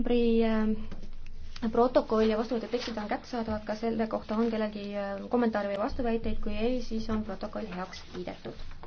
novembri äh, protokoll ja vastuvõetud tekstid on kättesaadavad, kas selle kohta on kellelgi äh, kommentaare või vastuväiteid, kui ei, siis on protokoll heaks kiidetud